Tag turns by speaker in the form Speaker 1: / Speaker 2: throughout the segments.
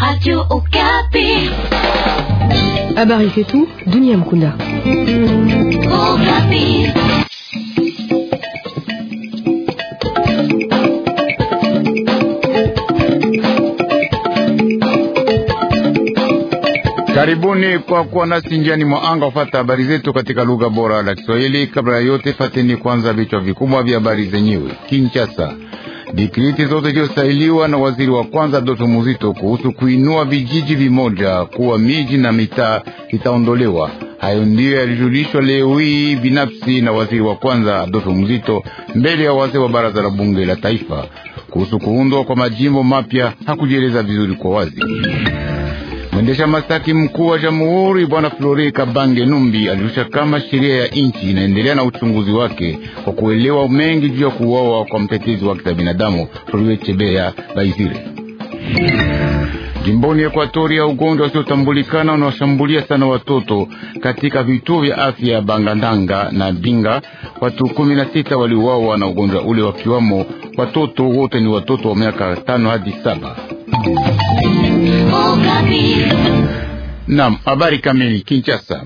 Speaker 1: Radio Okapi. Habari ah zetu dunia mkunda. Okapi.
Speaker 2: Karibuni kwa kuwa nasi njiani mwa anga ufata habari zetu katika lugha bora la Kiswahili. Kabla ya yote, fateni kwanza vichwa vikubwa vya habari zenyewe. Kinshasa Dikriti zote iliyosailiwa na waziri wa kwanza Doto Muzito kuhusu kuinua vijiji vimoja kuwa miji na mitaa itaondolewa. Hayo ndiyo yalijulishwa leo hii binafsi na waziri wa kwanza Doto Muzito mbele ya wazee wa baraza la bunge la taifa. Kuhusu kuundwa kwa majimbo mapya hakujieleza vizuri kwa wazi. Mwendesha mastaki mkuu wa jamhuri bwana Flori Kabange Numbi alirusha kama sheria ya nchi inaendelea na uchunguzi wake kwa kuelewa mengi juu ya kuuawa kwa mtetezi wa haki za binadamu Flori Chebea Baizire. Jimboni Ekuatoria, ugonjwa usiotambulikana unawashambulia sana watoto katika vituo vya afya ya Bangandanga na Binga. Watu kumi na sita waliuawa na ugonjwa ule, wakiwamo watoto wote ni watoto wa miaka tano hadi saba. Nam, habari kamili. Kinshasa,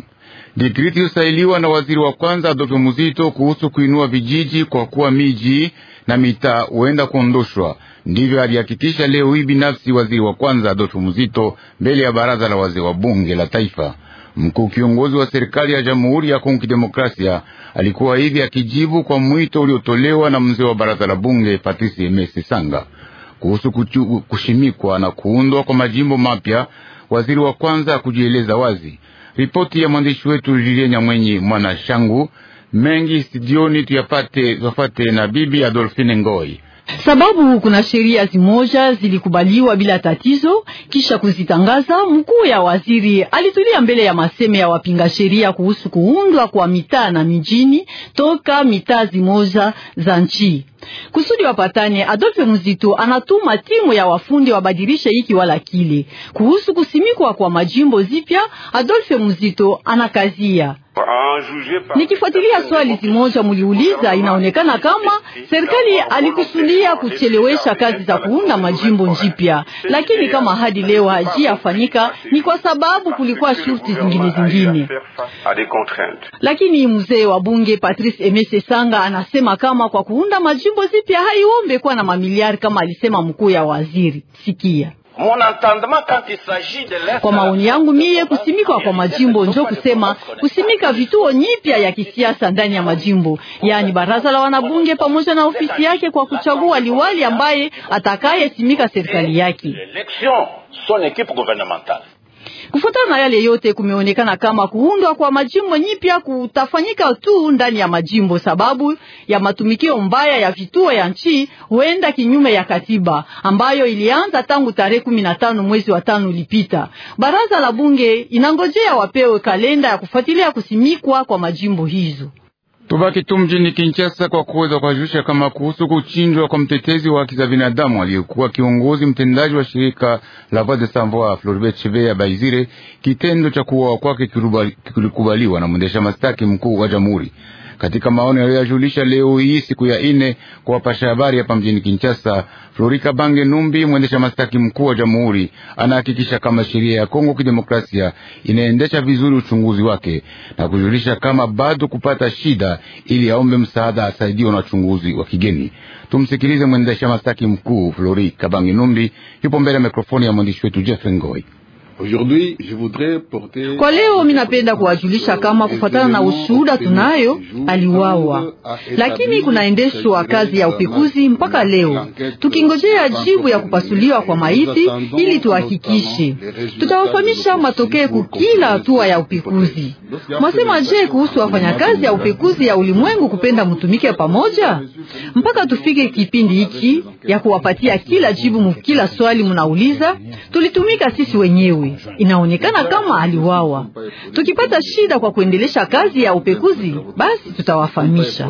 Speaker 2: Dekriti usailiwa na waziri wa kwanza Adolphe Muzito kuhusu kuinua vijiji kwa kuwa miji na mitaa huenda kuondoshwa, ndivyo alihakikisha leo hii binafsi waziri wa kwanza Adolphe Muzito mbele ya baraza la wazee wa bunge la taifa. Mkuu kiongozi wa serikali ya Jamhuri ya Kongo Kidemokrasia alikuwa hivi akijibu kwa mwito uliotolewa na mzee wa baraza la bunge Patrisi Emesi Sanga kuhusu kuchu, kushimikwa na kuundwa kwa majimbo mapya. Waziri wa kwanza kujieleza wazi. Ripoti ya mwandishi wetu Julien Nyamwenyi mwana shangu mengi studioni, tuyapate tufate na bibi Adolfine Ngoi
Speaker 3: sababu kuna sheria zimoja zilikubaliwa bila tatizo. Kisha kuzitangaza, mkuu ya waziri alitulia mbele ya maseme ya wapinga sheria kuhusu kuundwa kwa mitaa na mijini toka mitaa zimoja za nchi kusudi wapatane. adolfe Muzito anatuma timu ya wafundi wabadilishe hiki wala kile kuhusu kusimikwa kwa majimbo zipya. adolfe Muzito anakazia Nikifuatilia swali zimoja muliuliza, inaonekana kama serikali alikusudia kuchelewesha kazi za kuunda majimbo njipya, lakini kama hadi leo hajiyafanyika ni kwa sababu kulikuwa shurti zingine zingine. Lakini mzee wa bunge Patrice Emese Sanga anasema kama kwa kuunda majimbo zipya haiombe kuwa na mamiliari kama alisema mkuu ya waziri. Sikia kwa maoni yangu miye, kusimikwa kwa majimbo njo kusema kusimika vituo nyipya ya kisiasa ndani ya majimbo, yaani baraza la wanabunge pamoja na ofisi yake, kwa kuchagua liwali ambaye atakayesimika serikali yake. Kufuatana na yale yote, kumeonekana kama kuundwa kwa majimbo nyipya kutafanyika tu ndani ya majimbo sababu ya matumikio mbaya ya vituo ya nchi huenda kinyume ya katiba ambayo ilianza tangu tarehe kumi na tano mwezi wa tano ulipita. Baraza la bunge inangojea wapewe kalenda ya kufuatilia kusimikwa kwa majimbo hizo.
Speaker 2: Tubaki tu mjini Kinshasa kwa kuweza kuwajulisha kama kuhusu kuchinjwa kwa mtetezi wa haki za binadamu aliyekuwa kiongozi mtendaji wa shirika la Voix des Sans Voix Floribert Chebeya Bahizire, kitendo cha kuuawa kwake kilikubaliwa na mwendesha mastaki mkuu wa jamhuri. Katika maono yaliyoyajulisha leo hii siku ya ine kwa wapasha habari hapa mjini Kinshasa, Florika Bange Numbi, mwendesha mashtaki mkuu wa jamhuri, anahakikisha kama sheria ya Kongo Kidemokrasia inaendesha vizuri uchunguzi wake na kujulisha kama bado kupata shida, ili aombe msaada asaidiwe na wachunguzi wa kigeni. Tumsikilize mwendesha mashtaki mkuu Florika Bange Numbi, yupo mbele ya mikrofoni ya mwandishi wetu Jeff Ngoi.
Speaker 3: Kwa leo minapenda kuwajulisha kama kufuatana na ushuhuda tunayo, aliwawa, lakini kunaendeshwa kazi ya upekuzi mpaka leo, tukingojea jibu ya kupasuliwa kwa maiti ili tuhakikishe. Tutawafahamisha matokeo ku kila hatua ya upekuzi. Mwasema je kuhusu wafanyakazi ya upekuzi ya ulimwengu kupenda mtumike pamoja mpaka tufike kipindi hiki ya kuwapatia kila jibu mukila swali munauliza, tulitumika sisi wenyewe mwenyewe. Inaonekana kama aliwawa. Tukipata shida kwa kuendelesha kazi ya upekuzi, basi
Speaker 2: tutawafahamisha.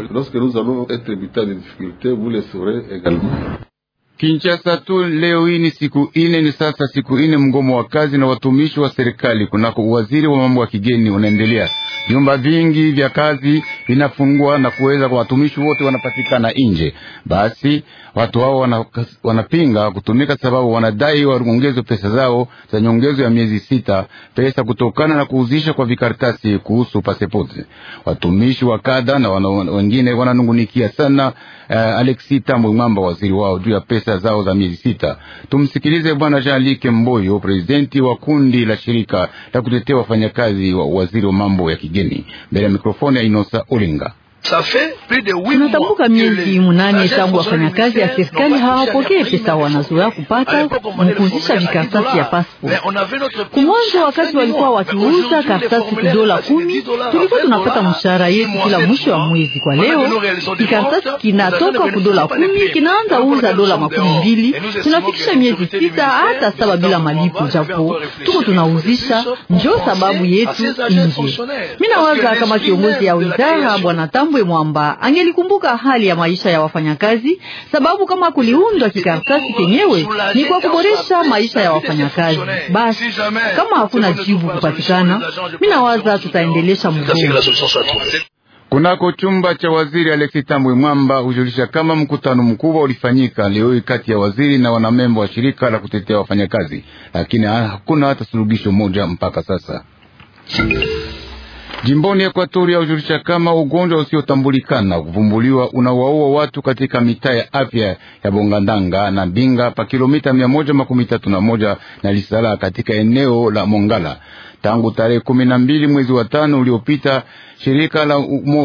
Speaker 2: Kinshasa tu leo hii ni siku ine, ni sasa siku ine mgomo wa kazi na watumishi wa serikali kunako uwaziri wa mambo ya kigeni unaendelea. Vyumba vingi vya kazi vinafungwa na kuweza kwa watumishi wote wanapatikana nje. Basi Watu hao wana, wanapinga kutumika sababu wanadai waongezwe pesa zao za nyongezo ya miezi sita, pesa kutokana na kuuzisha kwa vikaratasi kuhusu pasipoti. Watumishi wa kadha na wengine wananungunikia sana uh, eh, Alexi Tambwe Mwamba, waziri wao juu ya pesa zao za miezi sita. Tumsikilize Bwana Jean-Luc Mboyo, prezidenti wa kundi la shirika la kutetea wafanyakazi wa waziri wa mambo ya kigeni, mbele ya mikrofoni ya Inosa Olinga.
Speaker 4: Tunatambuka miezi munane tangu wafanyakazi ya serikali hawapokee pesa wanazoea kupata kuuzisha vikaratasi
Speaker 2: ya pasipoti. Kumwanza wakati walikuwa wakiuza karatasi kudola kumi,
Speaker 3: tulikuwa tunapata mshahara yetu kila mwisho wa mwezi. Kwa leo kikaratasi kinatoka kudola kumi kinaanza uza dola makumi mbili. Tunafikisha miezi sita hata saba bila malipo, japo tuko tunauzisha. Njo sababu yetu nje, Mimi nawaza kama kiongozi ya wizara bwana Chombe Mwamba angelikumbuka hali ya maisha ya wafanyakazi, sababu kama kuliundwa kikaratasi kenyewe ni kwa kuboresha maisha ya wafanyakazi. Basi kama hakuna jibu kupatikana, mi nawaza tutaendelesha mgomo.
Speaker 2: Kunako chumba cha waziri Alexi Tambwe Mwamba hujulisha kama mkutano mkubwa ulifanyika leo kati ya waziri na wanamemba wa shirika la kutetea wafanyakazi, lakini hakuna hata suluhisho moja mpaka sasa. Jimboni Ekwatoria hujulisha kama ugonjwa usiotambulikana kuvumbuliwa unawaua watu katika mitaa ya afya ya Bongandanga na Binga pa kilomita mia moja makumi tatu na moja na Lisala katika eneo la Mongala. Tangu tarehe kumi na mbili mwezi wa tano uliopita, shirika la,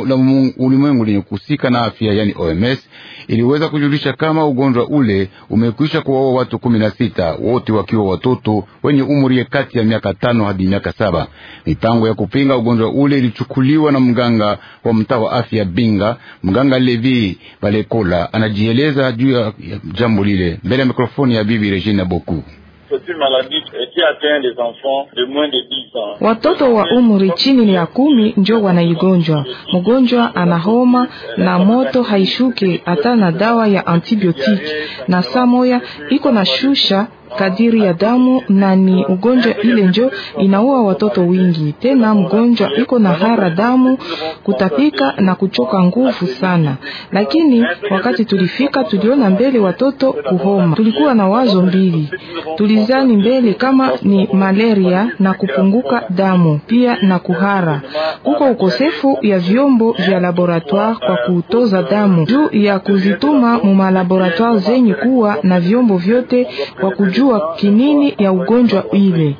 Speaker 2: la ulimwengu lenye kuhusika na afya yani OMS iliweza kujulisha kama ugonjwa ule umekwisha kuwaua watu kumi na sita, wote wakiwa watoto wenye umri kati ya miaka tano hadi miaka saba. Mipango ya kupinga ugonjwa ule ilichukuliwa na mganga wa mtaa wa afya Binga, mganga Levi Balekola anajieleza juu ya jambo lile mbele ya mikrofoni ya bibi Regina Boku. Watoto wa umri chini ya kumi
Speaker 1: njo wanaigonjwa. Mgonjwa ana homa na moto haishuke hata na dawa ya antibiotiki, na saa moya iko na shusha kadiri ya damu, na ni ugonjwa ile njo inaua watoto wingi. Tena mgonjwa iko na hara damu, kutapika na kuchoka nguvu sana, lakini wakati tulifika tuliona mbele watoto kuhoma. Tulikuwa na wazo mbili, tulizani mbele kama ni malaria na kupunguka damu pia na kuhara. Kuko ukosefu ya vyombo vya laboratoire kwa kutoza damu juu ya kuzituma mu malaboratoire zenye kuwa na vyombo vyote kwa kujua kujua kinini ya
Speaker 2: ugonjwa ile.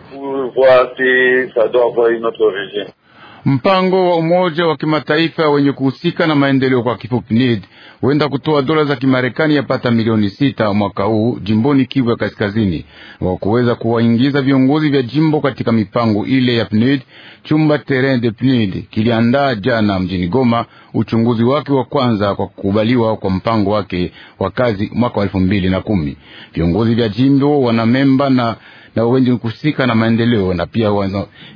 Speaker 2: Mpango wa Umoja wa Kimataifa wenye kuhusika na maendeleo kwa kifupi NED huenda kutoa dola za Kimarekani yapata milioni sita mwaka huu jimboni Kivu ya Kaskazini wa kuweza kuwaingiza viongozi vya jimbo katika mipango ile ya PNUD. Chumba terrain de PNUD kiliandaa jana mjini Goma uchunguzi wake wa kwanza kwa kukubaliwa kwa mpango wake wa kazi mwaka wa elfu mbili na kumi. Viongozi vya jimbo wana memba na na wengi kusika na maendeleo na pia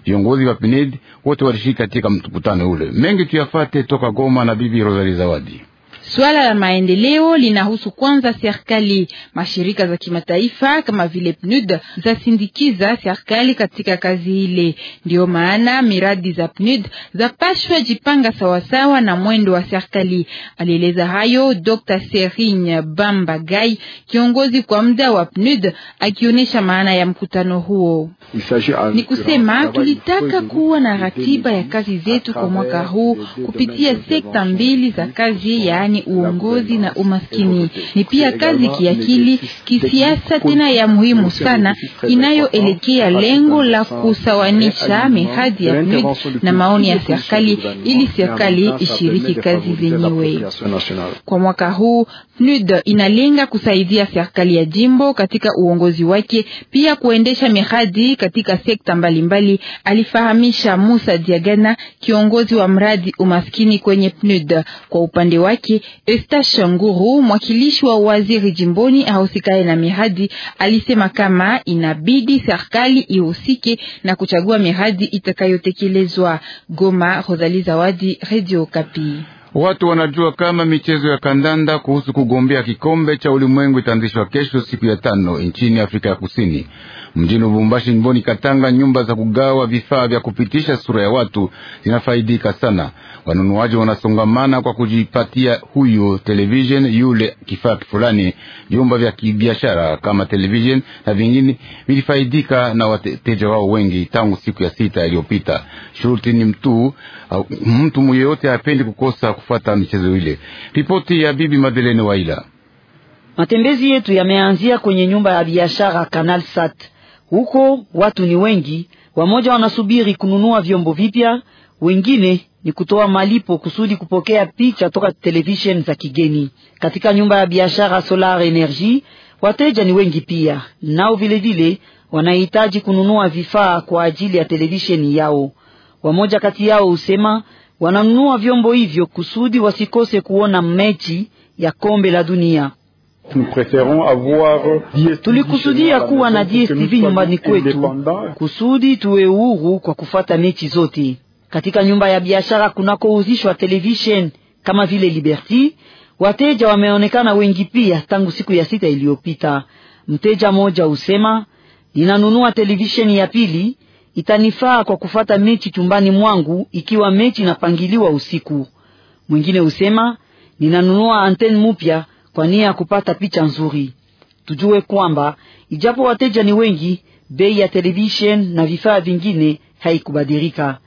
Speaker 2: viongozi wa pinedi wote walishiriki katika mkutano ule. Mengi tuyafate toka Goma na Bibi Rosalie Zawadi.
Speaker 1: Swala la maendeleo linahusu kwanza serikali. Mashirika za kimataifa kama vile PNUD zasindikiza serikali katika kazi ile. Ndiyo maana miradi za PNUD zapashwa jipanga sawasawa na mwendo wa serikali. Alieleza hayo Dr. Bamba Gay, kiongozi kwa muda wa PNUD, akionyesha maana ya mkutano huo.
Speaker 2: Ni kusema tulitaka kuwa
Speaker 1: na ratiba ya kazi zetu kwa mwaka huu kupitia sekta mbili za kazi, yaani uongozi na umaskini. Ni pia kazi kiakili, kisiasa, tena ya muhimu sana inayoelekea lengo la kusawanisha miradi ya PNUD na maoni ya serikali ili serikali ishiriki kazi zenyewe. Kwa mwaka huu PNUD inalenga kusaidia serikali ya jimbo katika uongozi wake, pia kuendesha miradi katika sekta mbalimbali, alifahamisha Musa Diagana, kiongozi wa mradi umaskini kwenye PNUD. Kwa upande wake Estache Nguru, mwakilishi wa waziri jimboni ahusikaye na miradi, alisema kama inabidi serikali ihusike na kuchagua miradi itakayotekelezwa. Goma, rosali Zawadi, Radio Kapi.
Speaker 2: Watu wanajua kama michezo ya kandanda kuhusu kugombea kikombe cha ulimwengu itaanzishwa kesho siku ya tano nchini Afrika ya Kusini, mjini Lubumbashi, jimboni Katanga. Nyumba za kugawa vifaa vya kupitisha sura ya watu zinafaidika sana. Wanunuaji wanasongamana kwa kujipatia huyu television yule kifaa fulani. Vyumba vya kibiashara kama television na vingine vilifaidika na wateja wao wengi tangu siku ya sita iliyopita. Shuruti ni mtu mtu yeyote apendi kukosa kufata michezo ile. Ripoti ya Bibi Madeleine Waila.
Speaker 4: Matembezi yetu yameanzia kwenye nyumba ya biashara Canal Sat. Huko watu ni wengi, wamoja wanasubiri kununua vyombo vipya, wengine ni kutoa malipo kusudi kupokea picha toka televisheni za kigeni. Katika nyumba ya biashara Solar Energy wateja ni wengi pia, nao vilevile wanahitaji kununua vifaa kwa ajili ya televisheni yao. Wamoja kati yao husema wananunua vyombo hivyo kusudi wasikose kuona mechi ya kombe la dunia.
Speaker 2: Tulikusudia kuwa na DSTV nyumbani kwetu
Speaker 4: kusudi tuwe uhuru kwa kufata mechi zote katika nyumba ya biashara kunakouzishwa televishen kama vile Liberty. Wateja wameonekana wengi pia tangu siku ya sita iliyopita. Mteja mmoja husema, ninanunua televisheni ya pili, itanifaa kwa kufata mechi chumbani mwangu ikiwa mechi inapangiliwa usiku. Mwingine husema, ninanunua anteni mupya kwa nia ya kupata picha nzuri. Tujue kwamba ijapo wateja ni wengi, bei ya televisheni na vifaa vingine haikubadilika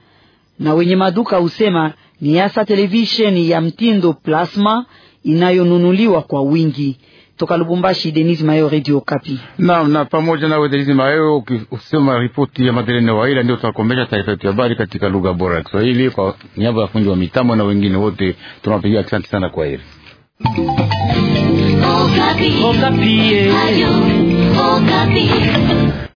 Speaker 4: na wenye maduka husema ni hasa televisheni ya mtindo plasma inayonunuliwa kwa wingi. Toka Lubumbashi, Denis Mayo, Radio Kapi.
Speaker 2: Naam, na pamoja nawe Denis Mayo ukisema ripoti ya Madelene Waila, ndio tunakomesha taarifa yetu ya habari katika lugha bora ya Kiswahili. Kwa niaba ya fundi wa mitambo na wengine wote tunawapigia asante sana, kwa heri.
Speaker 1: Okapi. Okapi. Eh. Ayu, Okapi.